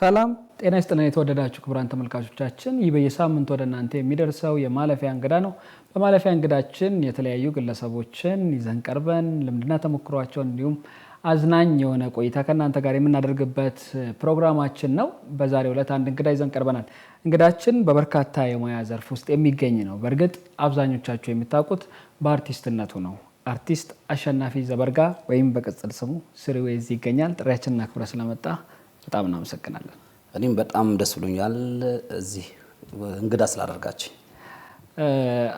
ሰላም ጤና ይስጥልን የተወደዳችሁ ክቡራን ተመልካቾቻችን፣ ይህ በየሳምንት ወደ እናንተ የሚደርሰው የማለፊያ እንግዳ ነው። በማለፊያ እንግዳችን የተለያዩ ግለሰቦችን ይዘን ቀርበን ልምድና ተሞክሯቸውን እንዲሁም አዝናኝ የሆነ ቆይታ ከእናንተ ጋር የምናደርግበት ፕሮግራማችን ነው። በዛሬው ዕለት አንድ እንግዳ ይዘን ቀርበናል። እንግዳችን በበርካታ የሙያ ዘርፍ ውስጥ የሚገኝ ነው። በእርግጥ አብዛኞቻችሁ የሚታውቁት በአርቲስትነቱ ነው። አርቲስት አሸናፊ ዘበርጋ ወይም በቅጽል ስሙ ስሪዌዚ ይገኛል። ጥሪያችንን አክብረ ስለመጣ በጣም እናመሰግናለን። እኔም በጣም ደስ ብሎኛል እዚህ እንግዳ ስላደርጋች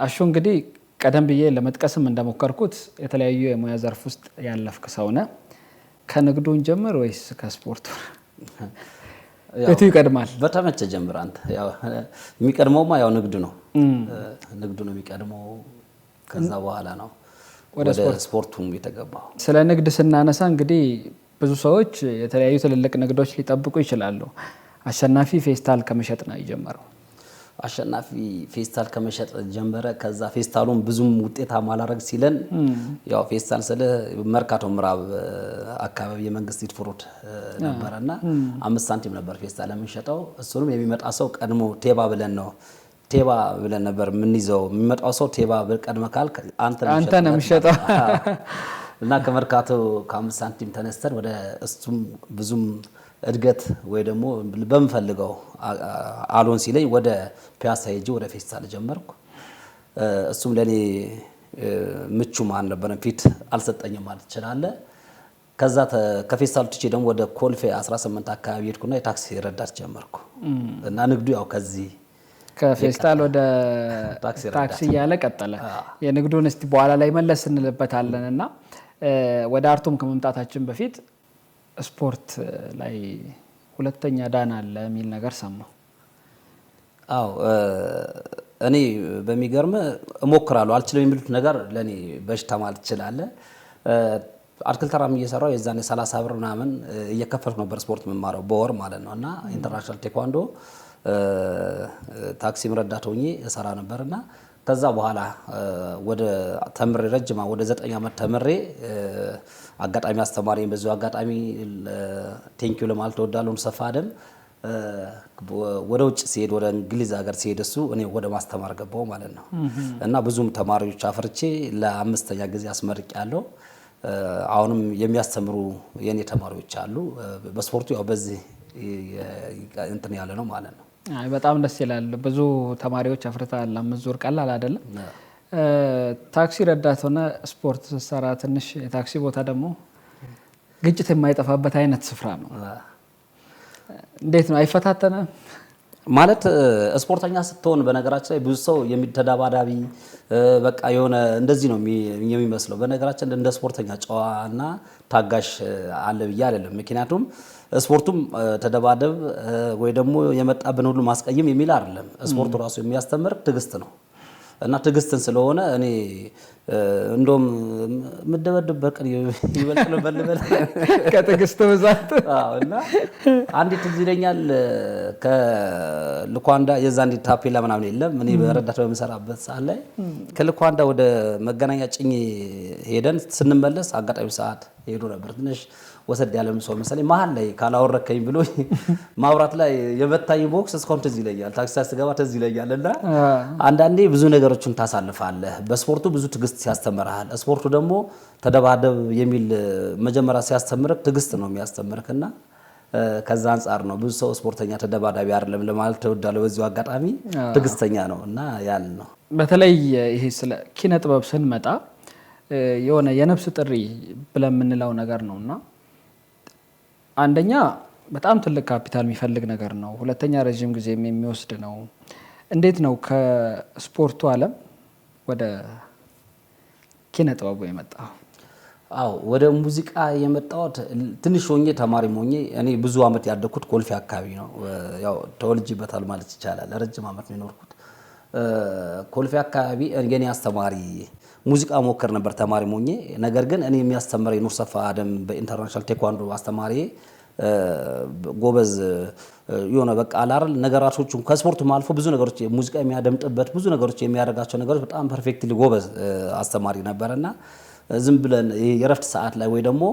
አሹ እንግዲህ ቀደም ብዬ ለመጥቀስም እንደሞከርኩት የተለያዩ የሙያ ዘርፍ ውስጥ ያለፍክ ሰውነ ከንግዱን ጀምር ወይስ ከስፖርቱ? የቱ ይቀድማል? በተመቸ ጀምር አንተ። የሚቀድመውማ ያው ንግዱ ነው፣ ንግዱ ነው የሚቀድመው። ከዛ በኋላ ነው ወደ ስፖርቱ የተገባው። ስለ ንግድ ስናነሳ እንግዲህ ብዙ ሰዎች የተለያዩ ትልልቅ ንግዶች ሊጠብቁ ይችላሉ። አሸናፊ ፌስታል ከመሸጥ ነው የጀመረው። አሸናፊ ፌስታል ከመሸጥ ጀመረ። ከዛ ፌስታሉን ብዙም ውጤታማ አላረግ ሲለን ያው ፌስታል ስለ መርካቶ ምዕራብ አካባቢ የመንግስት ሂድፍሩድ ነበረ እና አምስት ሳንቲም ነበር ፌስታል የምንሸጠው። እሱንም የሚመጣ ሰው ቀድሞ ቴባ ብለን ነው ቴባ ብለን ነበር የምንይዘው። የሚመጣው ሰው ቴባ ቀድመ ካል አንተ ነው የሚሸጠው እና ከመርካቶ ከአምስት ሳንቲም ተነስተን ወደ እሱም ብዙም እድገት ወይ ደግሞ በምፈልገው አሎን ሲለኝ ወደ ፒያሳ ሄጄ ወደ ፌስታል ጀመርኩ። እሱም ለእኔ ምቹም አልነበረም፣ ፊት አልሰጠኝም ማለት ትችላለህ። ከዛ ከፌስታል ትቼ ደግሞ ወደ ኮልፌ 18 አካባቢ ሄድኩና የታክሲ ረዳት ጀመርኩ እና ንግዱ ያው ከዚህ ከፌስታል ወደ ታክሲ እያለ ቀጠለ። የንግዱን እስቲ በኋላ ላይ መለስ እንልበታለን እና ወደ አርቱም ከመምጣታችን በፊት ስፖርት ላይ ሁለተኛ ዳን አለ የሚል ነገር ሰማሁ። አዎ እኔ በሚገርም እሞክራለሁ አልችልም የሚሉት ነገር ለእኔ በሽታ ማለት ትችላለ። አትክልት ተራም እየሰራው የዛ 30 ብር ምናምን እየከፈልኩ ነበር ስፖርት የምማረው በወር ማለት ነው። እና ኢንተርናሽናል ቴኳንዶ ታክሲም ረዳት ሆኜ እሰራ ነበር እና ከዛ በኋላ ወደ ተምሬ ረጅማ ወደ ዘጠኝ ዓመት ተምሬ አጋጣሚ አስተማሪ በዚ አጋጣሚ ቴንኪዩ ለማለት ወዳለውን ሰፋ አደም ወደ ውጭ ሲሄድ ወደ እንግሊዝ ሀገር ሲሄድ እሱ እኔ ወደ ማስተማር ገባው ማለት ነው። እና ብዙም ተማሪዎች አፍርቼ ለአምስተኛ ጊዜ አስመርቅ ያለው አሁንም የሚያስተምሩ የእኔ ተማሪዎች አሉ። በስፖርቱ ያው በዚህ እንትን ያለ ነው ማለት ነው። በጣም ደስ ይላል። ብዙ ተማሪዎች አፍርተሃል። አምስት ዙር ቀላል አይደለም። ታክሲ ረዳት ሆነ ስፖርት ስትሰራ ትንሽ የታክሲ ቦታ ደግሞ ግጭት የማይጠፋበት አይነት ስፍራ ነው። እንዴት ነው አይፈታተንም? ማለት ስፖርተኛ ስትሆን በነገራችን ላይ ብዙ ሰው ተደባዳቢ በቃ የሆነ እንደዚህ ነው የሚመስለው። በነገራችን እንደ ስፖርተኛ ጨዋና ታጋሽ አለ ብዬ አይደለም። ምክንያቱም ስፖርቱም ተደባደብ ወይ ደግሞ የመጣብን ሁሉ ማስቀየም የሚል አይደለም። ስፖርቱ ራሱ የሚያስተምር ትዕግስት ነው እና ትዕግስትን ስለሆነ እኔ እንደውም የምደበድብበት ቀን ይበልጥ ነበር ልበል ከትዕግስት ብዛት እና አንዲት ትዝ ይለኛል ከልኳንዳ የዛ እንዲ ታፔላ ምናምን የለም እኔ በረዳት በምሰራበት ሰዓት ላይ ከልኳንዳ ወደ መገናኛ ጭኝ ሄደን ስንመለስ አጋጣሚ ሰዓት ሄዱ ነበር ትንሽ ወሰድ ያለም ሰው መሰለኝ መሀል ላይ ካላወረከኝ ብሎ ማውራት ላይ የመታኝ ቦክስ እስካሁን ትዝ ይለኛል። ታክሲ ስገባ ትዝ ይለኛል። እና አንዳንዴ ብዙ ነገሮችን ታሳልፋለህ። በስፖርቱ ብዙ ትግስት ያስተምርሃል። ስፖርቱ ደግሞ ተደባደብ የሚል መጀመሪያ ሲያስተምርህ ትግስት ነው የሚያስተምርህ እና ከዛ አንጻር ነው ብዙ ሰው ስፖርተኛ ተደባዳቢ አይደለም ለማለት ተወዳለ። በዚሁ አጋጣሚ ትግስተኛ ነው እና ያን ነው። በተለይ ይሄ ስለ ኪነ ጥበብ ስንመጣ የሆነ የነፍስ ጥሪ ብለን የምንለው ነገር ነው እና አንደኛ በጣም ትልቅ ካፒታል የሚፈልግ ነገር ነው። ሁለተኛ ረዥም ጊዜም የሚወስድ ነው። እንዴት ነው ከስፖርቱ ዓለም ወደ ኪነ ጥበቡ የመጣው? አዎ ወደ ሙዚቃ የመጣሁት ትንሽ ሆኜ ተማሪም ሆኜ እኔ ብዙ ዓመት ያደግኩት ኮልፌ አካባቢ ነው። ያው ተወልጅበታል ማለት ይቻላል። ረጅም ዓመት ነው የኖርኩት ኮልፌ አካባቢ የኔ አስተማሪ ሙዚቃ ሞከር ነበር ተማሪ ሞኜ። ነገር ግን እኔ የሚያስተምረ ኑር ሰፋ አደም በኢንተርናሽናል ቴኳንዶ አስተማሪ ጎበዝ የሆነ በቃ አላርል ነገራቶቹ ከስፖርቱ አልፎ ብዙ ነገሮች ሙዚቃ የሚያደምጥበት ብዙ ነገሮች የሚያደርጋቸው ነገሮች በጣም ፐርፌክትሊ ጎበዝ አስተማሪ እና ዝም ብለን የረፍት ሰዓት ላይ ወይ ደግሞ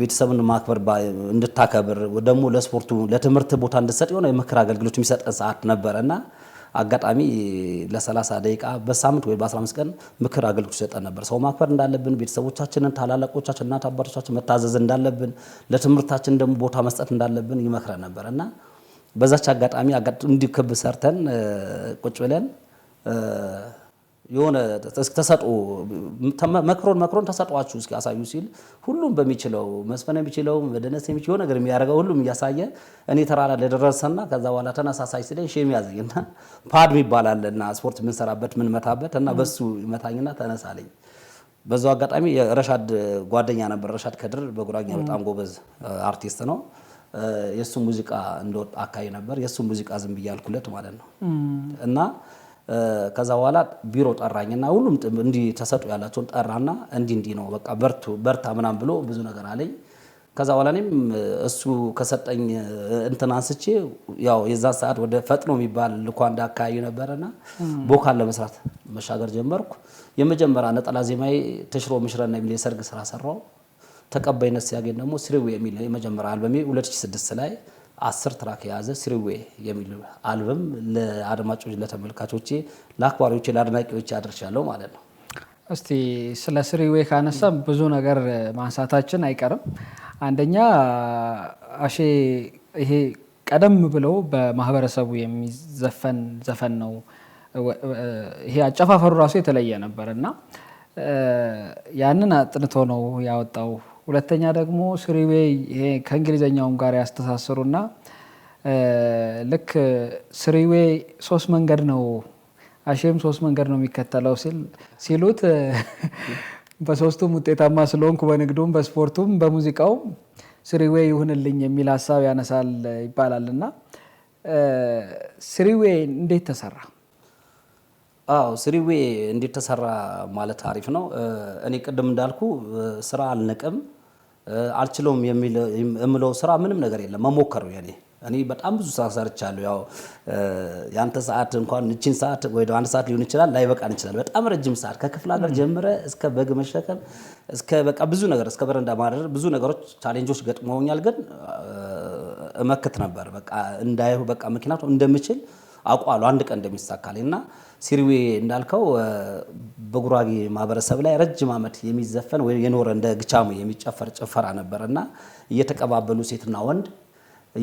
ቤተሰብን ማክበር እንድታከብር ደግሞ ለስፖርቱ ለትምህርት ቦታ እንድሰጥ የሆነ የምክር አገልግሎት የሚሰጠን ሰዓት ነበረ እና አጋጣሚ ለ30 ደቂቃ በሳምንት ወይ በ15 ቀን ምክር አገልግሎት ይሰጠን ነበር። ሰው ማክበር እንዳለብን፣ ቤተሰቦቻችንን፣ ታላላቆቻችን፣ እናት አባቶቻችን መታዘዝ እንዳለብን፣ ለትምህርታችን ደግሞ ቦታ መስጠት እንዳለብን ይመክረን ነበር እና በዛች አጋጣሚ እንዲህ ክብ ሰርተን ቁጭ ብለን የሆነ ተሰጥኦ መክሮን መክሮን ተሰጧችሁ እስኪ ያሳዩ ሲል ሁሉም በሚችለው መስፈን የሚችለው መደነስ የሚችለው ነገር የሚያደርገው ሁሉም እያሳየ እኔ ተራራ ለደረሰና ከዛ በኋላ ተነሳሳይ ስለኝ ሼም ያዘኝ እና ፓድ ይባላል እና ስፖርት የምንሰራበት ምንመታበት እና በሱ ይመታኝና ተነሳለኝ። በዛው አጋጣሚ ረሻድ ጓደኛ ነበር። ረሻድ ከድር በጉራኛ በጣም ጎበዝ አርቲስት ነው። የእሱ ሙዚቃ እንደወጣ አካባቢ ነበር። የእሱ ሙዚቃ ዝም ብዬ ማለት ነው እና ከዛ በኋላ ቢሮ ጠራኝና ሁሉም እንዲህ ተሰጡ ያላቸውን ጠራና እንዲህ እንዲህ ነው በቃ በርቱ በርታ ምናም ብሎ ብዙ ነገር አለኝ። ከዛ በኋላ እኔም እሱ ከሰጠኝ እንትን አንስቼ ያው የዛ ሰዓት ወደ ፈጥኖ የሚባል ልኳንዳ አካባቢ ነበረና ቦካን ለመስራት መሻገር ጀመርኩ። የመጀመሪያ ነጠላ ዜማዬ ተሽሮ ምሽረና የሚል የሰርግ ስራ ሰራው። ተቀባይነት ሲያገኝ ደግሞ ስሪዌ የሚል የመጀመሪያ አልበሜ 2006 ላይ አስር ትራክ የያዘ ስሪዌ የሚል አልበም ለአድማጮች፣ ለተመልካቾች ለአክባሪዎች፣ ለአድናቂዎች አድርሻለሁ ማለት ነው። እስቲ ስለ ስሪዌ ካነሳ ብዙ ነገር ማንሳታችን አይቀርም። አንደኛ አሼ ይሄ ቀደም ብለው በማህበረሰቡ የሚዘፈን ዘፈን ነው። ይሄ አጨፋፈሩ ራሱ የተለየ ነበር እና ያንን አጥንቶ ነው ያወጣው ሁለተኛ ደግሞ ስሪዌይ ከእንግሊዘኛውም ጋር ያስተሳሰሩና ልክ ስሪዌ ሶስት መንገድ ነው አሼም ሶስት መንገድ ነው የሚከተለው ሲሉት በሶስቱም ውጤታማ ስለሆንኩ በንግዱም በስፖርቱም በሙዚቃውም ስሪዌይ ይሁንልኝ የሚል ሀሳብ ያነሳል ይባላል እና ስሪዌይ እንዴት ተሰራ? አዎ ስሪዌ እንዴት ማለት አሪፍ ነው። እኔ ቅድም እንዳልኩ ስራ አልንቅም አልችለውም የምለው ስራ ምንም ነገር የለም። መሞከር ነው የኔ እኔ በጣም ብዙ ስራ ሰርቻለሁ። ያው የአንተ ሰዓት እንኳን እቺን ሰዓት ወይ አንድ ሰዓት ሊሆን ይችላል ላይበቃን ይችላል። በጣም ረጅም ሰዓት ከክፍለ ሀገር ጀምረ እስከ በግ መሸከም እስከ በቃ ብዙ ነገር እስከ በረንዳ ማድረር ብዙ ነገሮች ቻሌንጆች ገጥመውኛል። ግን እመክት ነበር በቃ እንዳይሁ በቃ ምክንያቱም እንደምችል አውቃለሁ አንድ ቀን እንደሚሳካልኝ እና ሲርዌ እንዳልከው በጉራጌ ማህበረሰብ ላይ ረጅም ዓመት የሚዘፈን ወይ የኖረ እንደ ግቻሙ የሚጨፈር ጭፈራ ነበር እና እየተቀባበሉ ሴትና ወንድ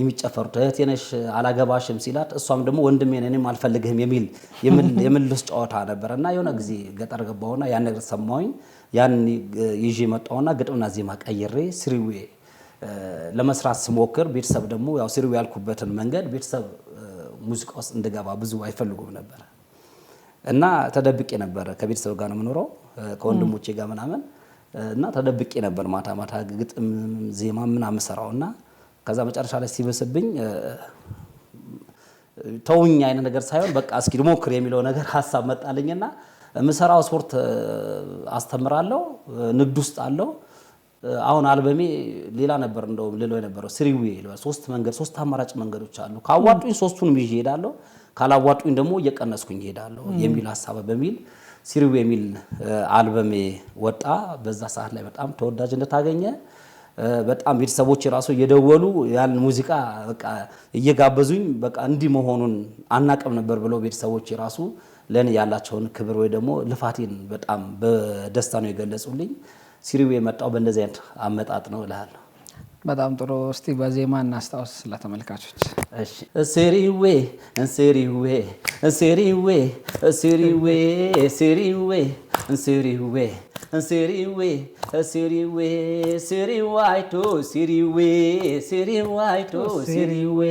የሚጨፈሩት እህቴ ነሽ አላገባሽም ሲላት እሷም ደግሞ ወንድሜ እኔም አልፈልግህም የሚል የምልስ ጨዋታ ነበር እና የሆነ ጊዜ ገጠር ገባሁና ያን ነገር ሰማሁኝ። ያን ይዤ መጣሁና ግጥምና ዜማ ቀይሬ ሲርዌ ለመስራት ስሞክር ቤተሰብ ደግሞ ያው ሲርዌ ያልኩበትን መንገድ ቤተሰብ ሙዚቃ ውስጥ እንድገባ ብዙ አይፈልጉም ነበር። እና ተደብቄ ነበረ። ከቤተሰብ ጋር ነው የምኖረው ከወንድሞቼ ጋር ምናምን እና ተደብቄ ነበር ማታ ማታ ግጥም ዜማ ምናምን ሰራው እና ከዛ መጨረሻ ላይ ሲበስብኝ ተውኝ አይነት ነገር ሳይሆን በቃ እስኪ ልሞክር የሚለው ነገር ሀሳብ መጣልኝና ምሰራው ስፖርት አስተምራለሁ፣ ንግድ ውስጥ አለው። አሁን አልበሜ ሌላ ነበር እንደውም ልለው የነበረው ስሪዌ ይለዋል። ሶስት መንገድ ሶስት አማራጭ መንገዶች አሉ። ካዋጡኝ ሶስቱንም ይዤ እሄዳለሁ። ካላዋጡኝ ደግሞ እየቀነስኩኝ ይሄዳለሁ የሚል ሀሳብ በሚል ሲሪው የሚል አልበሜ ወጣ። በዛ ሰዓት ላይ በጣም ተወዳጅነት አገኘ። በጣም ቤተሰቦች የራሱ እየደወሉ ያን ሙዚቃ በቃ እየጋበዙኝ በቃ እንዲህ መሆኑን አናቅም ነበር ብለው ቤተሰቦች የራሱ ለእኔ ያላቸውን ክብር ወይ ደግሞ ልፋቴን በጣም በደስታ ነው የገለጹልኝ። ሲሪው የመጣው በእንደዚህ አይነት አመጣጥ ነው እልሃለሁ። በጣም ጥሩ። እስቲ በዜማ እናስታውስ ስለተመልካቾች። እሺ እሲሪዌ እንሲሪዌ እንሲሪዌ እሲሪዌ ሲሪዌ እንሲሪዌ እንሲሪዌ እሲሪዌ ሲሪዋይቶ ሲሪዌ ሲሪዋይቶ ሲሪዌ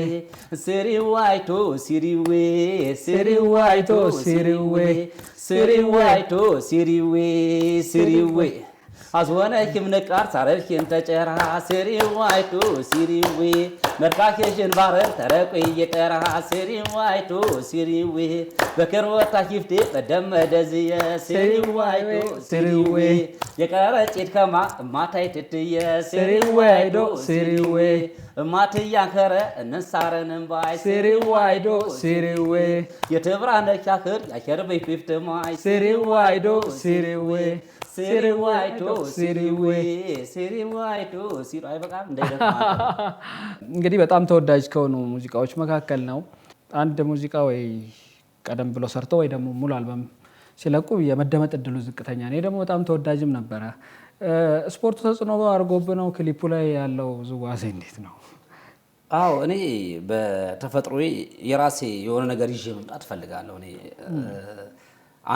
ሲሪዋይቶ ሲሪዌ ሲሪዋይቶ ሲሪዌ ሲሪዋይቶ ሲሪዌ ሲሪዌ አስወነኪም ንቃር ሳረብኪን ተጨራ ስሪዋይቱ ሲሪዌ መርካኬሽን ባረር ተረቆ የቀራ ስሪዋይቱ ሲሪዌ በከርወታ ኪፍቴ በደመደዝየ ስሪዋይቱ ሲሪዌ የቀረ ጭድ ከማ እማታይ ትትየ ስሪዋይዶ ሲሪዌ እማትያንከረ እንሳረንምባይ ስሪዋይዶ ሲሪዌ የትብራ ነቻክር ያከርበይ ፊፍትማይ ስሪዋይዶ ሲሪዌ እንግዲህ በጣም ተወዳጅ ከሆኑ ሙዚቃዎች መካከል ነው። አንድ ሙዚቃ ወይ ቀደም ብሎ ሰርቶ ወይ ደግሞ ሙሉ አልበም ሲለቁ የመደመጥ እድሉ ዝቅተኛ ነው። ደግሞ በጣም ተወዳጅም ነበረ። ስፖርቱ ተጽዕኖ አድርጎብ ነው። ክሊፑ ላይ ያለው ዝዋዜ እንዴት ነው? አዎ እኔ በተፈጥሮዬ የራሴ የሆነ ነገር ይዤ መምጣት እፈልጋለሁ።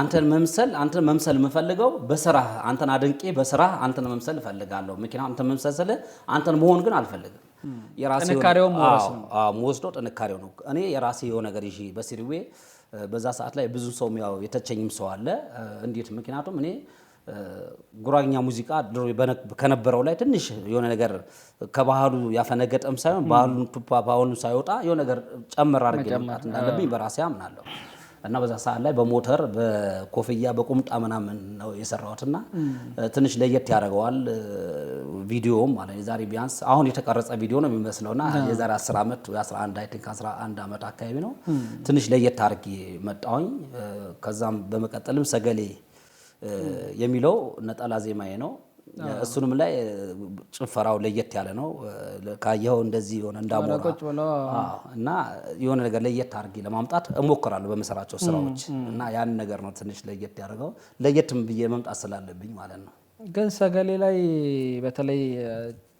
አንተን መምሰል አንተን መምሰል የምፈልገው በስራህ አንተን አድንቄ በስራህ አንተን መምሰል እፈልጋለሁ። መኪና አንተን መምሰል ስለ አንተን መሆን ግን አልፈልግም። ጥንካሬው ወስዶ ጥንካሬው ነው። እኔ የራሴ የሆነ ነገር ይዤ በሲሪዌ በዛ ሰዓት ላይ ብዙ ሰው ያው የተቸኝም ሰው አለ። እንዴት ምክንያቱም እኔ ጉራግኛ ሙዚቃ ድሮ ከነበረው ላይ ትንሽ የሆነ ነገር ከባህሉ ያፈነገጠም ሳይሆን ባህሉን ቱፓ ባህሉን ሳይወጣ የሆነ ነገር ጨምር አድርጌ መምጣት እንዳለብኝ በራሴ አምናለሁ። እና በዛ ሰዓት ላይ በሞተር በኮፍያ በቁምጣ ምናምን ነው እና ትንሽ ለየት ያደርገዋል። ቪዲዮም ማለት የዛሬ ቢያንስ አሁን የተቀረጸ ቪዲዮ ነው የሚመስለው የሚመስለውና የዛሬ 10 ዓመት ወይ 11 አይ ቲንክ 11 ዓመት አካባቢ ነው ትንሽ ለየት አድርጌ መጣሁኝ። ከዛም በመቀጠልም ሰገሌ የሚለው ነጠላ ዜማዬ ነው። እሱንም ላይ ጭፈራው ለየት ያለ ነው። ካየኸው እንደዚህ የሆነ እንዳሞራ እና የሆነ ነገር ለየት አድርጌ ለማምጣት እሞክራለሁ በመሰራቸው ስራዎች እና ያን ነገር ነው ትንሽ ለየት ያደርገው ለየትም ብዬ መምጣት ስላለብኝ ማለት ነው። ግን ሰገሌ ላይ በተለይ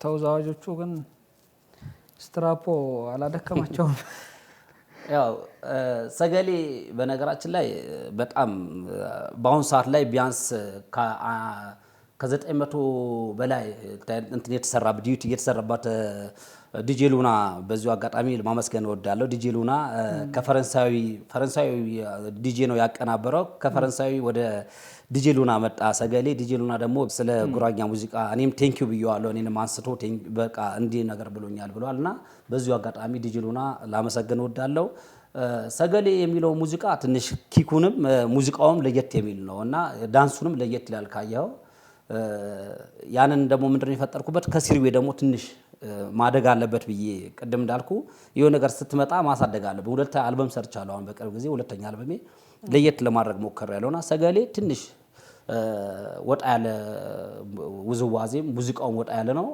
ተወዛዋዦቹ ግን ስትራፖ አላደከማቸውም። ያው ሰገሌ በነገራችን ላይ በጣም በአሁኑ ሰዓት ላይ ቢያንስ ከዘጠኝ መቶ በላይ እንትን የተሰራ ዲዩቲ እየተሰራባት ዲጄ ሉና በዚሁ አጋጣሚ ማመስገን እወዳለሁ። ዲጄ ሉና ከፈረንሳዊ ፈረንሳዊ ዲጄ ነው ያቀናበረው። ከፈረንሳዊ ወደ ዲጄ ሉና መጣ ሰገሌ። ዲጄ ሉና ደግሞ ስለ ጉራኛ ሙዚቃ እኔም ቴንኪዩ ብየዋለሁ። እኔንም አንስቶ በቃ እንዲህ ነገር ብሎኛል ብለዋል እና በዚሁ አጋጣሚ ዲጄ ሉና ላመሰግን እወዳለሁ። ሰገሌ የሚለው ሙዚቃ ትንሽ ኪኩንም ሙዚቃውም ለየት የሚል ነው እና ዳንሱንም ለየት ይላል ካየኸው ያንን ደግሞ ምንድነው የፈጠርኩበት ከሲሪዌ ደግሞ ትንሽ ማደግ አለበት ብዬ ቅድም እንዳልኩ የሆነ ነገር ስትመጣ ማሳደግ አለብን። ሁለት አልበም ሰርቻለሁ አሁን በቅርብ ጊዜ ሁለተኛ አልበሜ ለየት ለማድረግ ሞከር ያለውና ሰገሌ ትንሽ ወጣ ያለ ውዝዋዜም ሙዚቃውም ወጣ ያለ ነው።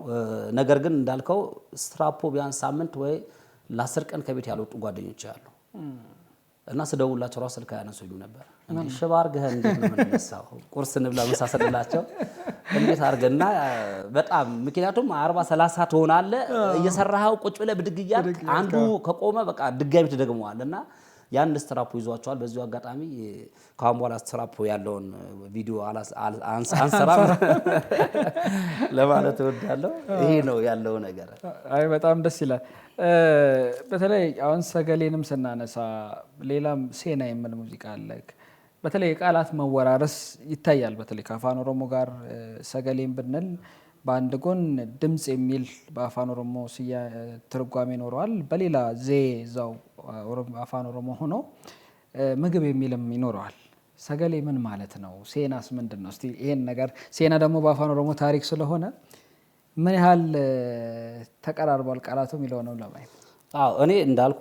ነገር ግን እንዳልከው ስትራፖ ቢያንስ ሳምንት ወይ ለአስር ቀን ከቤት ያልወጡ ጓደኞች አሉ። እና ስደውላቸው ራሱ ስልክ አያነሱኝም ነበር። ሽባ አድርገህ እንዴት ነው የምንነሳው? ቁርስ እንብላ መሳሰልላቸው እንዴት አርገና በጣም ምክንያቱም አርባ ሰላሳ ትሆናለህ እየሰራኸው ቁጭ ብለህ ብድግ እያልክ አንዱ ከቆመ በቃ ድጋሚ ትደግመዋል እና ያን ስትራፖ ይዟቸዋል። በዚሁ አጋጣሚ ከአሁን በኋላ ስትራፖ ያለውን ቪዲዮ አንሰራ ለማለት እወዳለሁ። ይሄ ነው ያለው ነገር። አይ በጣም ደስ ይላል። በተለይ አሁን ሰገሌንም ስናነሳ ሌላም ሴና የምል ሙዚቃ አለክ። በተለይ የቃላት መወራረስ ይታያል። በተለይ ከአፋን ኦሮሞ ጋር ሰገሌን ብንል በአንድ ጎን ድምፅ የሚል በአፋን ኦሮሞ ትርጓሜ ይኖረዋል። በሌላ ዜ ዛው አፋን ኦሮሞ ሆኖ ምግብ የሚልም ይኖረዋል። ሰገሌ ምን ማለት ነው? ሴናስ ምንድን ነው? እስቲ ይሄን ነገር ሴና ደግሞ በአፋን ኦሮሞ ታሪክ ስለሆነ ምን ያህል ተቀራርቧል ቃላቱ የሚለው ነው ለማየት አዎ እኔ እንዳልኩ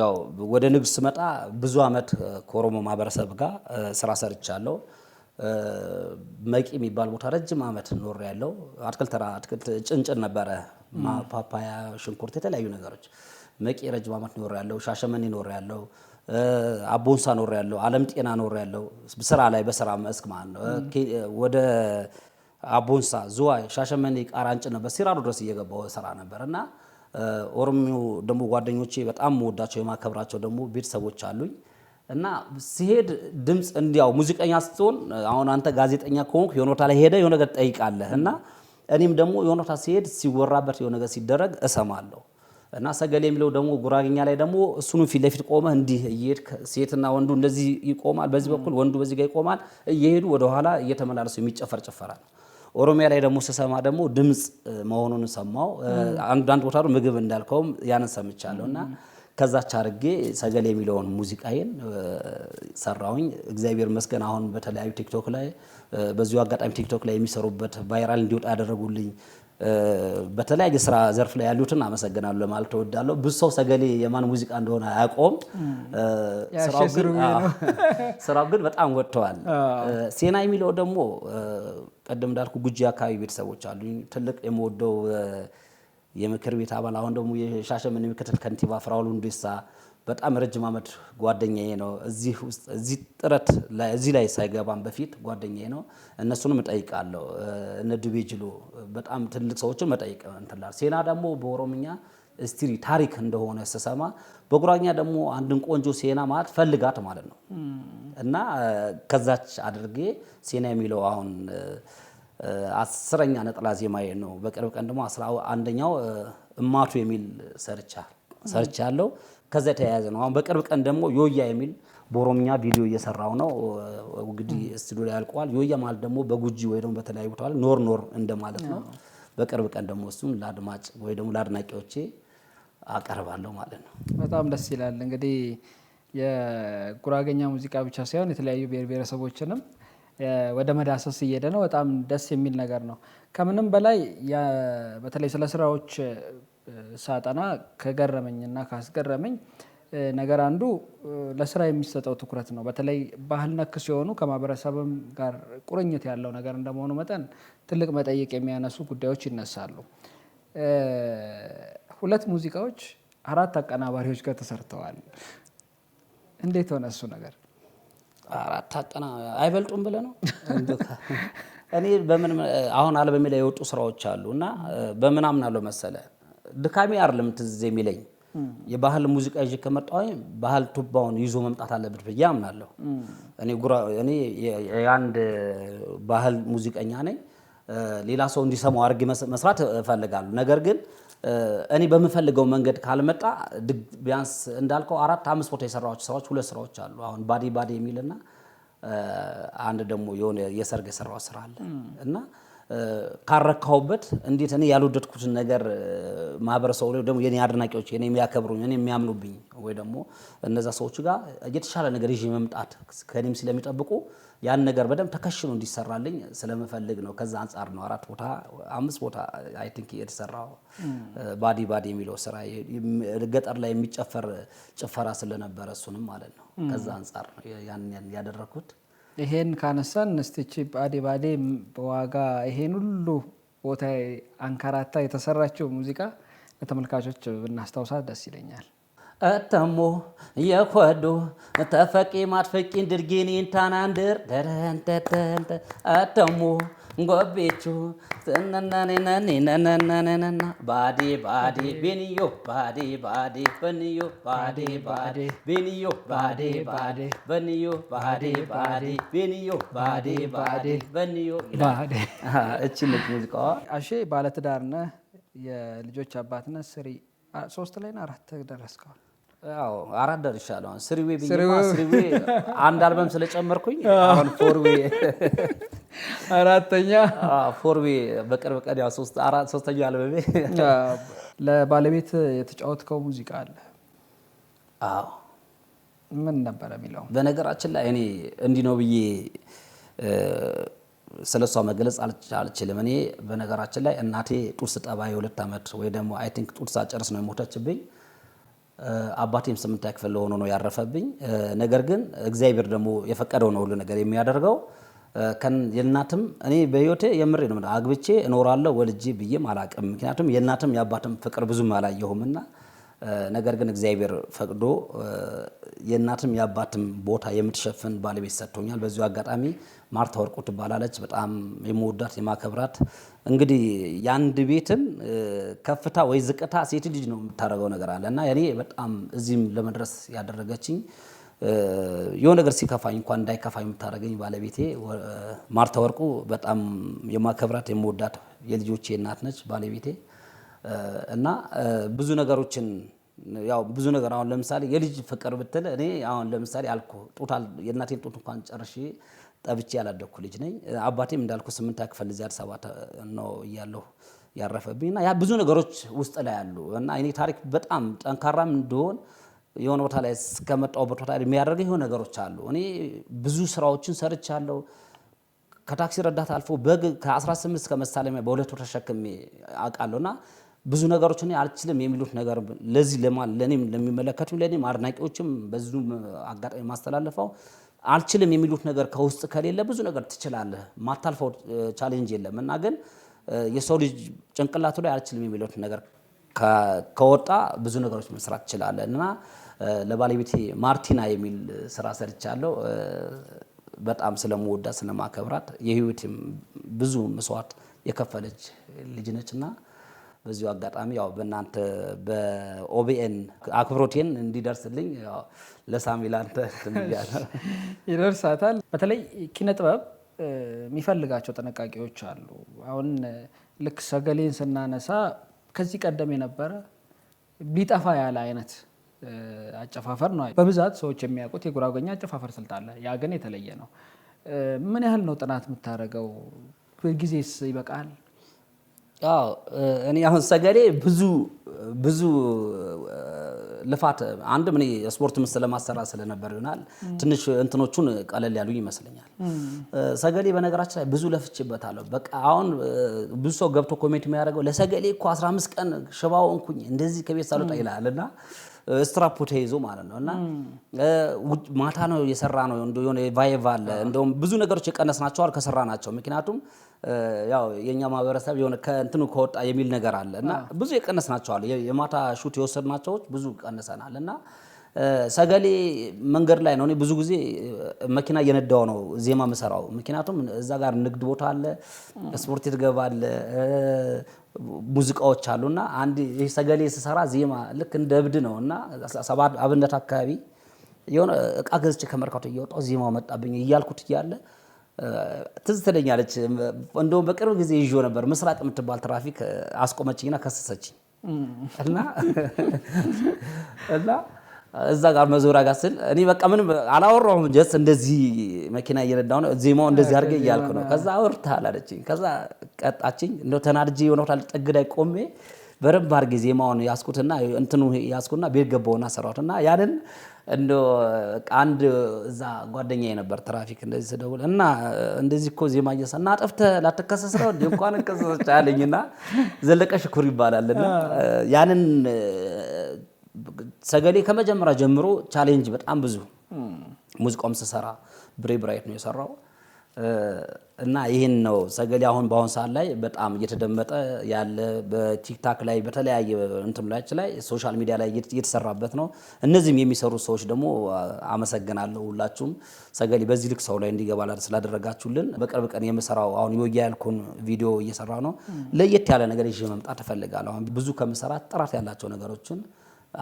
ያው ወደ ንግስ ስመጣ ብዙ ዓመት ከኦሮሞ ማህበረሰብ ጋር ስራ ሰርቻለሁ። መቂ የሚባል ቦታ ረጅም ዓመት ኖር ያለው አትክልት ተራ አትክልት ጭንጭን ነበረ፣ ፓፓያ፣ ሽንኩርት፣ የተለያዩ ነገሮች መቂ ረጅም ዓመት ኖር ያለው፣ ሻሸመኔ ኖር ያለው፣ አቦንሳ ኖር ያለው፣ ዓለም ጤና ኖር ያለው ስራ ላይ በስራ መስክ ማለት ነው። ወደ አቦንሳ፣ ዝዋይ፣ ሻሸመኔ፣ ቃራንጭ ነበር ሲራሩ ድረስ እየገባው ስራ ነበር እና ኦሮሚ ደግሞ ጓደኞቼ በጣም መወዳቸው የማከብራቸው ደግሞ ቤተሰቦች አሉኝ እና ሲሄድ ድምፅ እንዲያው ሙዚቀኛ ስትሆን አሁን አንተ ጋዜጠኛ ከሆንክ የሆነ ቦታ ላይ ሄደ የሆነ ነገር ጠይቃለህ እና እኔም ደግሞ የሆነ ቦታ ሲሄድ ሲወራበት የሆነ ነገር ሲደረግ እሰማለሁ እና ሰገሌ የሚለው ደግሞ ጉራግኛ ላይ ደግሞ እሱኑ ፊት ለፊት ቆመህ እንዲህ እየሄድክ ሴትና ወንዱ እንደዚህ ይቆማል፣ በዚህ በኩል ወንዱ በዚህ ጋር ይቆማል። እየሄዱ ወደኋላ እየተመላለሱ የሚጨፈር ጭፈራ ነው። ኦሮሚያ ላይ ደግሞ ስሰማ ደግሞ ድምፅ መሆኑን ሰማው። አንዳንድ ቦታ ምግብ እንዳልከውም ያንን ሰምቻለሁ እና ከዛች አድርጌ ሰገሌ የሚለውን ሙዚቃዬን ሰራውኝ። እግዚአብሔር ይመስገን አሁን በተለያዩ ቲክቶክ ላይ በዚሁ አጋጣሚ ቲክቶክ ላይ የሚሰሩበት ቫይራል እንዲወጣ ያደረጉልኝ በተለያየ ስራ ዘርፍ ላይ ያሉትን አመሰግናለሁ ለማለት እወዳለሁ። ብዙ ሰው ሰገሌ የማን ሙዚቃ እንደሆነ አያውቀውም። ስራው ግን በጣም ወጥተዋል። ሴና የሚለው ደግሞ ቀደም እንዳልኩ ጉጂ አካባቢ ቤተሰቦች አሉኝ። ትልቅ የምወደው የምክር ቤት አባል አሁን ደግሞ የሻሸመኔ ምክትል ከንቲባ ፍራኦል ሁንዴሳ በጣም ረጅም ዓመት ጓደኛዬ ነው። እዚህ ውስጥ እዚህ ጥረት እዚህ ላይ ሳይገባም በፊት ጓደኛዬ ነው። እነሱንም እጠይቃለሁ። እነ ድቤ ጅሎ በጣም ትልቅ ሰዎችን መጠይቅ እንትላል። ሴና ደግሞ በኦሮምኛ ስትሪ ታሪክ እንደሆነ ስሰማ በጉራኛ ደግሞ አንድን ቆንጆ ሴና ማለት ፈልጋት ማለት ነው እና ከዛች አድርጌ ሴና የሚለው አሁን አስረኛ ነጠላ ዜማዬ ነው። በቅርብ ቀን ደግሞ አስራ አንደኛው እማቱ የሚል ሰርቻ አለው። ከዛ የተያያዘ ነው። አሁን በቅርብ ቀን ደግሞ ዮያ የሚል በኦሮምኛ ቪዲዮ እየሰራው ነው። እንግዲህ ስቱዲዮ ላይ ያልቀዋል። ዮያ ማለት ደግሞ በጉጂ ወይ ደግሞ በተለያዩ ኖር ኖር እንደማለት ነው። በቅርብ ቀን ደግሞ እሱም ለአድማጭ ወይ ደግሞ ለአድናቂዎቼ አቀርባለሁ ማለት ነው። በጣም ደስ ይላል። እንግዲህ የጉራገኛ ሙዚቃ ብቻ ሳይሆን የተለያዩ ብሔር ብሔረሰቦችንም ወደ መዳሰስ እየሄደ ነው። በጣም ደስ የሚል ነገር ነው። ከምንም በላይ በተለይ ስለ ስራዎች ሳጠና እና ካስገረመኝ ነገር አንዱ ለስራ የሚሰጠው ትኩረት ነው። በተለይ ባህል ነክ ሲሆኑ ከማህበረሰብም ጋር ቁርኝት ያለው ነገር እንደመሆኑ መጠን ትልቅ መጠይቅ የሚያነሱ ጉዳዮች ይነሳሉ። ሁለት ሙዚቃዎች አራት አቀናባሪዎች ጋር ተሰርተዋል። እንዴት ሆነ እሱ ነገር? አራት አጠና አይበልጡም ብለህ ነው። እኔ በምን አሁን አለ ላይ የወጡ ስራዎች አሉ እና በምን አምናለሁ መሰለ ድካሜ አይደለም ትዝ የሚለኝ የባህል ሙዚቃ ይዤ ከመጣሁ ባህል ቱባውን ይዞ መምጣት አለበት ብዬ አምናለሁ። እኔ የአንድ ባህል ሙዚቀኛ ነኝ። ሌላ ሰው እንዲሰማው አድርጌ መስራት እፈልጋለሁ። ነገር ግን እኔ በምፈልገው መንገድ ካልመጣ ቢያንስ እንዳልከው አራት አምስት ቦታ የሰራዎች ስራዎች ሁለት ስራዎች አሉ። አሁን ባዴ ባዲ የሚልና አንድ ደግሞ የሆነ የሰርግ የሰራው ስራ አለ እና ካረካሁበት እንዴት እኔ ያልወደድኩትን ነገር ማህበረሰቡ ላይ ደግሞ የኔ አድናቂዎች የኔ የሚያከብሩኝ እኔ የሚያምኑብኝ ወይ ደግሞ እነዛ ሰዎች ጋር የተሻለ ነገር ይዤ መምጣት ከኔም ስለሚጠብቁ ያን ነገር በደንብ ተከሽኖ እንዲሰራልኝ ስለምፈልግ ነው። ከዛ አንጻር ነው አራት ቦታ አምስት ቦታ አይ ቲንክ የተሰራው ባዲ ባዲ የሚለው ስራ ገጠር ላይ የሚጨፈር ጭፈራ ስለነበረ እሱንም ማለት ነው ከዛ አንጻር ነው ያንን ያደረኩት። ይሄን ካነሳን እስቲቺ ባዴ ባዴ በዋጋ ይሄን ሁሉ ቦታ አንከራታ የተሰራችው ሙዚቃ ለተመልካቾች ብናስታውሳት ደስ ይለኛል። እተሞ የኮዱ ተፈቄ ማትፈቂን ድርጊን ታናንድር ደረንተተንተ እተሞ ጎቤቹ ነነነነነነነነነ ባዴ ባዴ ቤንዮ ባዴ ባዴ በንዮ ባዴ ባዴ ቤንዮ ባዴ ባዴ በንዮ ባዴ ባዴ ቤንዮ ባዴ ባዴ በንዮ ባዴ። እቺ ልጅ ሙዚቃዋ አሼ ባለትዳር የልጆች አባትነ ስሪ ሶስት ላይ አራት ደረስከዋል። አራት ደርሻለሁ። አሁን ስሪዌ ብዬማ አንድ አልበም ስለጨመርኩኝ አሁን ፎርዌ አራተኛ ፎርዌ በቅርብ ቀን ሶስተኛ አልበሜ። ለባለቤት የተጫወትከው ሙዚቃ አለ? አዎ። ምን ነበረ የሚለው? በነገራችን ላይ እኔ እንዲህ ነው ብዬ ስለ እሷ መግለጽ አልችልም። እኔ በነገራችን ላይ እናቴ ጡርስ ጠባ የሁለት ዓመት ወይ ደግሞ አይ ቲንክ ጡርስ አጨርስ ነው የሞተችብኝ አባቴም ስምንተኛ ክፍል ሆኖ ነው ያረፈብኝ። ነገር ግን እግዚአብሔር ደግሞ የፈቀደው ነው ሁሉ ነገር የሚያደርገው። የእናትም እኔ በህይወቴ የምሬ ነው አግብቼ እኖራለሁ ወልጄ ብዬም አላቅም። ምክንያቱም የእናትም የአባትም ፍቅር ብዙም አላየሁምና ነገር ግን እግዚአብሔር ፈቅዶ የእናትም የአባትም ቦታ የምትሸፍን ባለቤት ሰጥቶኛል። በዚሁ አጋጣሚ ማርታ ወርቁ ትባላለች። በጣም የመወዳት የማከብራት። እንግዲህ የአንድ ቤትን ከፍታ ወይ ዝቅታ ሴት ልጅ ነው የምታደርገው ነገር አለ እና እኔ በጣም እዚህም ለመድረስ ያደረገችኝ የሆነ ነገር ሲከፋኝ እንኳን እንዳይከፋኝ የምታደርገኝ ባለቤቴ ማርታ ወርቁ በጣም የማከብራት የመወዳት የልጆቼ እናት ነች ባለቤቴ እና ብዙ ነገሮችን ያው ብዙ ነገር አሁን ለምሳሌ የልጅ ፍቅር ብትል እኔ አሁን ለምሳሌ አልኩ ጡት የእናቴን ጡት እንኳን ጨርሼ ጠብቼ ያላደግኩ ልጅ ነኝ። አባቴም እንዳልኩ ስምንት ክፍል እዚህ አዲስ አበባ ነው እያለሁ ያረፈብኝ እና ያ ብዙ ነገሮች ውስጥ ላይ አሉ እና እኔ ታሪክ በጣም ጠንካራም እንደሆን የሆነ ቦታ ላይ እስከመጣሁበት ቦታ የሚያደርገ የሆነ ነገሮች አሉ። እኔ ብዙ ስራዎችን ሰርቻለሁ። ከታክሲ ረዳት አልፎ በግ ከ18 እስከ መሳለሚያ በሁለቱ ተሸክሜ አውቃለሁ እና ብዙ ነገሮች እኔ አልችልም የሚሉት ነገር ለዚህ ለማን ለእኔም ለሚመለከቱ ለእኔም አድናቂዎችም በዙ አጋጣሚ ማስተላለፈው አልችልም የሚሉት ነገር ከውስጥ ከሌለ ብዙ ነገር ትችላለህ። ማታልፈው ቻሌንጅ የለም እና ግን የሰው ልጅ ጭንቅላቱ ላይ አልችልም የሚሉት ነገር ከወጣ ብዙ ነገሮች መስራት ትችላለህ እና ለባለቤቴ ማርቲና የሚል ስራ ሰርቻለሁ። በጣም ስለምወዳ ስለማከብራት የህይወቴም ብዙ መስዋዕት የከፈለች ልጅ ነች እና በዚሁ አጋጣሚ ያው በእናንተ በኦቢኤን አክብሮቴን እንዲደርስልኝ ለሳሚ ላንተ ይደርሳታል። በተለይ ኪነ ጥበብ የሚፈልጋቸው ጥንቃቄዎች አሉ። አሁን ልክ ሰገሌን ስናነሳ ከዚህ ቀደም የነበረ ሊጠፋ ያለ አይነት አጨፋፈር ነው። በብዛት ሰዎች የሚያውቁት የጉራጎኛ አጨፋፈር ስልት አለ። ያ ግን የተለየ ነው። ምን ያህል ነው ጥናት የምታደርገው? ጊዜስ ይበቃል? አዎ እኔ አሁን ሰገሌ ብዙ ብዙ ልፋት አንድም እኔ ስፖርት ምስ ለማሰራ ስለነበር ይሆናል ትንሽ እንትኖቹን ቀለል ያሉ ይመስለኛል። ሰገሌ በነገራችን ላይ ብዙ ለፍቼበታለሁ። በቃ አሁን ብዙ ሰው ገብቶ ኮሜንት የሚያደርገው ለሰገሌ እኮ 15 ቀን ሽባው እንኩኝ እንደዚህ ከቤት ሳልወጣ ይላል እና ስትራፖ ተይዞ ማለት ነው እና ማታ ነው የሰራ ነው የሆነ ቫይቭ አለ። እንደውም ብዙ ነገሮች የቀነስናቸው ከሰራ ናቸው ምክንያቱም ያው የኛ ማህበረሰብ የሆነ ከእንትኑ ከወጣ የሚል ነገር አለ እና ብዙ የቀነስናቸዋል። የማታ ሹት የወሰድናቸው ብዙ ቀንሰናል እና ሰገሌ መንገድ ላይ ነው። እኔ ብዙ ጊዜ መኪና እየነዳው ነው ዜማ የምሰራው። ምክንያቱም እዛ ጋር ንግድ ቦታ አለ፣ ስፖርት ትገባለ፣ ሙዚቃዎች አሉ እና አንድ ሰገሌ ስሰራ ዜማ ልክ እንደ እብድ ነው እና አብነት አካባቢ የሆነ እቃ ገዝቼ ከመርካቶ እየወጣው ዜማው መጣብኝ እያልኩት እያለ ትዝ ትለኛለች። እንደውም በቅርብ ጊዜ ይዤው ነበር። ምስራቅ የምትባል ትራፊክ አስቆመችኝና ከሰሰችኝ እና እና እዛ ጋር መዞሪያ ጋር ስል እኔ በቃ ምንም አላወራሁም። ጀስ እንደዚህ መኪና እየነዳሁ ነው ዜማው እንደዚህ አድርገህ እያልኩ ነው። ከዛ አውርተሃል አለችኝ። ከዛ ቀጣችኝ። እንደው ተናድጄ የሆነ ሁላ ጥግ ላይ ቆሜ በረባር ጊዜ ዜማውን ያስኩትና እንትኑ ያስኩና ቤት ገባሁና ሰራሁትና ያንን እንዶ አንድ እዛ ጓደኛ ነበር ትራፊክ እንደዚህ ስደውል እና እንደዚህ እኮ ዜማ እየሰ እና አጥፍተህ ላትከሰስ ነው እንዲ እንኳን እንከሰሰች አለኝና ዘለቀ ሽኩር ይባላል ይባላልና ያንን ሰገሌ ከመጀመሪያ ጀምሮ ቻሌንጅ በጣም ብዙ ሙዚቃውም ስሰራ ብሬ ብራይት ነው የሰራው እና ይህን ነው ሰገሌ አሁን በአሁን ሰዓት ላይ በጣም እየተደመጠ ያለ በቲክታክ ላይ በተለያየ እንትምላች ላይ ሶሻል ሚዲያ ላይ እየተሰራበት ነው። እነዚህም የሚሰሩ ሰዎች ደግሞ አመሰግናለሁ። ሁላችሁም ሰገሌ በዚህ ልክ ሰው ላይ እንዲገባ ስላደረጋችሁልን። በቅርብ ቀን የምሰራው አሁን ወያ ያልኩን ቪዲዮ እየሰራ ነው። ለየት ያለ ነገር ይዤ መምጣት እፈልጋለሁ። አሁን ብዙ ከምሰራ ጥራት ያላቸው ነገሮችን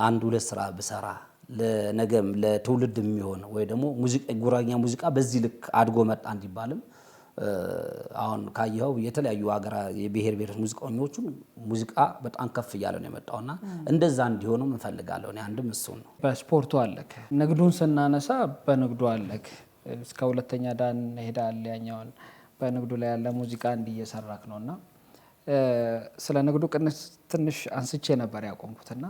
አንድ ሁለት ስራ ብሰራ ለነገም ለትውልድ የሚሆን ወይ ደግሞ ጉራኛ ሙዚቃ በዚህ ልክ አድጎ መጣ እንዲባልም አሁን ካየኸው የተለያዩ ሀገራ የብሔር ብሔር ሙዚቀኞቹን ሙዚቃ በጣም ከፍ እያለ ነው የመጣው የመጣውና እንደዛ እንዲሆኑም እንፈልጋለሁ። አንድም እሱን ነው። በስፖርቱ አለክ፣ ንግዱን ስናነሳ በንግዱ አለክ፣ እስከ ሁለተኛ ዳን ሄዳል። ያኛውን በንግዱ ላይ ያለ ሙዚቃ እንዲህ እየሰራክ ነው እና ስለ ንግዱ ቅንስ ትንሽ አንስቼ ነበር ያቆምኩትና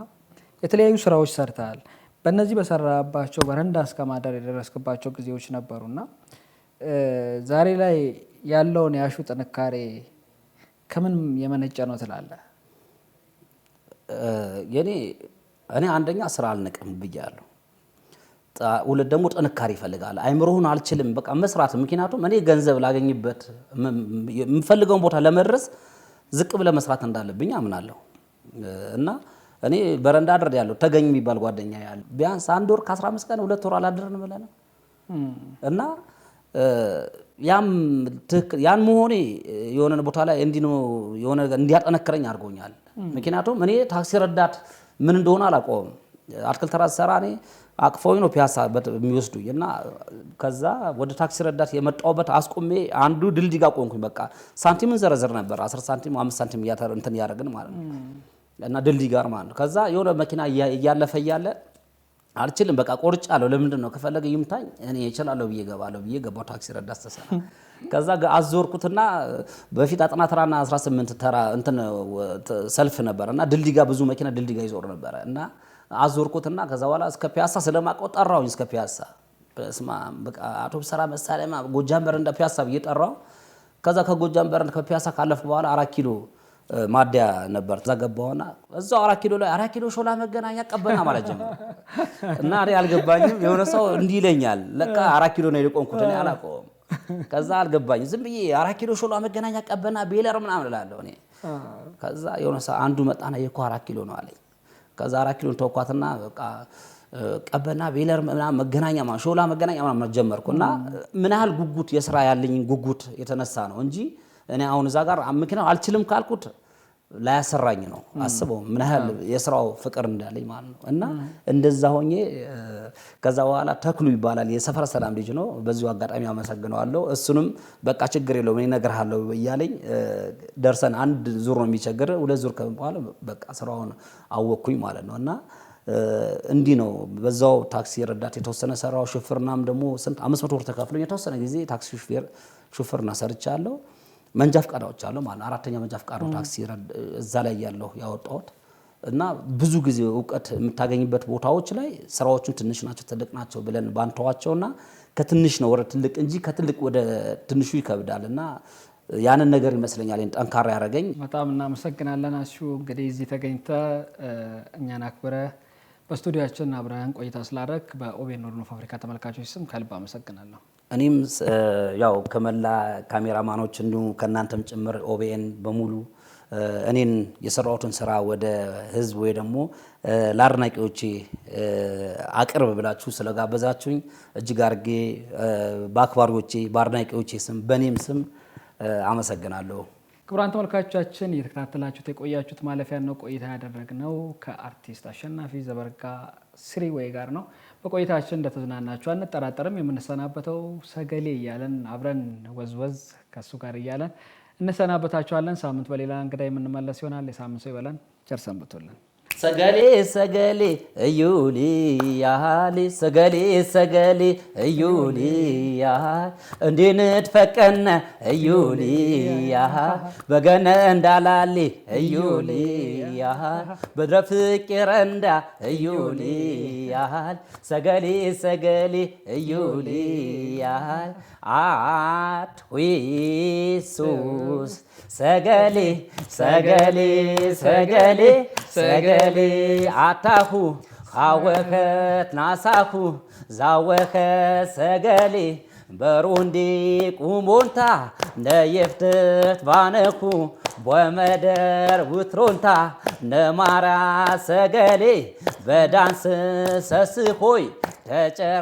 የተለያዩ ስራዎች ሰርተሃል። በእነዚህ በሰራባቸው በረንዳ እስከ ማደር የደረስክባቸው ጊዜዎች ነበሩና ዛሬ ላይ ያለውን ያሹ ጥንካሬ ከምን የመነጨ ነው ትላለህ? የኔ እኔ አንደኛ ስራ አልንቅም ብያለሁ። ሁለት ደግሞ ጥንካሬ ይፈልጋል። አይምሮሁን አልችልም በቃ መስራት። ምክንያቱም እኔ ገንዘብ ላገኝበት የምፈልገውን ቦታ ለመድረስ ዝቅ ብለ መስራት እንዳለብኝ አምናለሁ እና እኔ በረንዳ አድር ያለው ተገኝ የሚባል ጓደኛ ያለ ቢያንስ አንድ ወር ከ15 ቀን ሁለት ወር አላድርን ብለን እና ያን መሆኔ የሆነ ቦታ ላይ እንዲ የሆነ እንዲያጠነክረኝ አድርጎኛል። ምክንያቱም እኔ ታክሲ ረዳት ምን እንደሆነ አላውቀውም። አትክልት ተራ ሰራ እኔ አቅፈው ነው ፒያሳ የሚወስዱኝ እና ከዛ ወደ ታክሲ ረዳት የመጣውበት አስቆሜ አንዱ ድልድይ ጋር ቆንኩኝ። በቃ ሳንቲምን ዘረዘር ነበር 10 ሳንቲም 5 ሳንቲም እንትን ያደረግን ማለት ነው እና ድልድይ ጋር ማለት ነው። ከዛ የሆነ መኪና እያለፈ እያለ አልችልም በቃ አለው። ለምንድን ነው ከፈለገ ይምታኝ እኔ እችላለሁ ብዬ ገባለሁ ብዬ ገባሁ። ታክሲ ረዳት ተሰራ። ከዛ አዞርኩትና በፊት አጥና ተራና 18 ተራ እንትን ሰልፍ ነበረ እና ድልድይ ጋር ብዙ መኪና ድልድይ ጋር ይዞር ነበረ እና አዞርኩትና ከዛ በኋላ እስከ ፒያሳ ስለማውቀው ጠራሁኝ። እስከ ፒያሳ በስማ በቃ አውቶቡስ ሰራ መሳለማ ጎጃም እንደ ፒያሳ ብዬ ጠራሁ። ከዛ ከጎጃም በረንዳ ከፒያሳ ካለፍኩ በኋላ አራት ኪሎ ማዲያ ነበር። እዛ ገባሁና እዛው አራት ኪሎ ላይ አራት ኪሎ ሾላ መገናኛ ቀበና ማለት ጀመረ እና እኔ አልገባኝም። የሆነ ሰው እንዲህ ይለኛል፣ ለካ አራት ኪሎ ነው የቆምኩት። እኔ አላውቀውም። ከዛ አልገባኝም። ዝም ብዬ አራት ኪሎ ሾላ መገናኛ ቀበና ቤለር ምናምን እላለሁ እኔ። ከዛ የሆነ ሰው አንዱ መጣና የኮ አራት ኪሎ ነው አለኝ። ከዛ አራት ኪሎን ተወኳትና በቃ ቀበና ቤለር መገናኛ ሾላ መገናኛ ጀመርኩ እና ምን ያህል ጉጉት የስራ ያለኝ ጉጉት የተነሳ ነው እንጂ እኔ አሁን እዛ ጋር አምክነው አልችልም ካልኩት ላያሰራኝ ነው። አስበው ምን ያህል የስራው ፍቅር እንዳለኝ ማለት ነው። እና እንደዛ ሆኜ ከዛ በኋላ ተክሉ ይባላል የሰፈረ ሰላም ልጅ ነው። በዚሁ አጋጣሚ አመሰግነዋለሁ። እሱንም በቃ ችግር የለውም እኔ እነግርሃለሁ እያለኝ ደርሰን አንድ ዙር ነው የሚቸግር፣ ሁለት ዙር ከበኋላ በቃ ስራውን አወቅኩኝ ማለት ነው እና እንዲህ ነው። በዛው ታክሲ ረዳት የተወሰነ ሰራው ሹፍርናም ደግሞ ስንት አምስት መቶ ብር ተከፍሎ የተወሰነ ጊዜ ታክሲ ሹፌርና ሰርቻለሁ። መንጃ ቃዳዎች አሉ ማለት አራተኛ መንጃ ፍቃድ ታክሲ እዛ ላይ ያለው ያወጣሁት እና ብዙ ጊዜ እውቀት የምታገኝበት ቦታዎች ላይ ስራዎቹን ትንሽ ናቸው ትልቅ ናቸው ብለን ባንተዋቸውና ከትንሽ ነው ወደ ትልቅ እንጂ ከትልቅ ወደ ትንሹ ይከብዳል እና ያንን ነገር ይመስለኛል ጠንካራ ያደረገኝ። በጣም እናመሰግናለን አሹ። እንግዲህ እዚህ ተገኝተ እኛን አክብረ በስቱዲዮችን አብረን ቆይታ ስላደረግ በኦቤን ኖርኖ ፋብሪካ ተመልካቾች ስም ከልብ አመሰግናለሁ። እኔም ያው ከመላ ካሜራማኖች እንዲሁ ከእናንተም ጭምር ኦቢኤን በሙሉ እኔን የሰራሁትን ስራ ወደ ህዝብ ወይ ደግሞ ለአድናቂዎቼ አቅርብ ብላችሁ ስለጋበዛችሁኝ እጅግ አርጌ በአክባሪዎቼ በአድናቂዎቼ ስም በእኔም ስም አመሰግናለሁ። ክቡራን ተመልካቾቻችን እየተከታተላችሁት የቆያችሁት ማለፊያ ነው ቆይታ ያደረግነው ከአርቲስት አሸናፊ ዘበርጋ ወይ ጋር ነው። በቆይታችን እንደተዝናናችሁ አንጠራጠርም። የምንሰናበተው ሰገሌ እያለን አብረን ወዝወዝ ከሱ ጋር እያለን እንሰናበታችኋለን። ሳምንት በሌላ እንግዳ የምንመለስ ይሆናል። የሳምንት ሰው ይበለን። ቸር ሰንብቱልን። ሰገሌ ሰገሌ እዩሊ ያሃሌ ሰገሌ ሰገሌ እዩሊ ያሃ እንዲ ንድፈቀነ እዩሊ ያሃ በገነ እንዳላሊ እዩሊ ያሃ በድረ ፍቅር እንዳ እዩሊ ያሃል ሰገሌ ሰገሌ እዩሊ ያሃል አድ ሰገሌ ሰገሌ ሰገሌ ሰገሌ በሊ አታሁ ሀወኸት ናሳሁ ዛወኸት ሰገሌ በሩንዲ ቁሞንታ ነየፍትት ባነኩ በመደር ውትሮንታ ነማራ ሰገሌ በዳንስ ሰስሆይ ተጨራ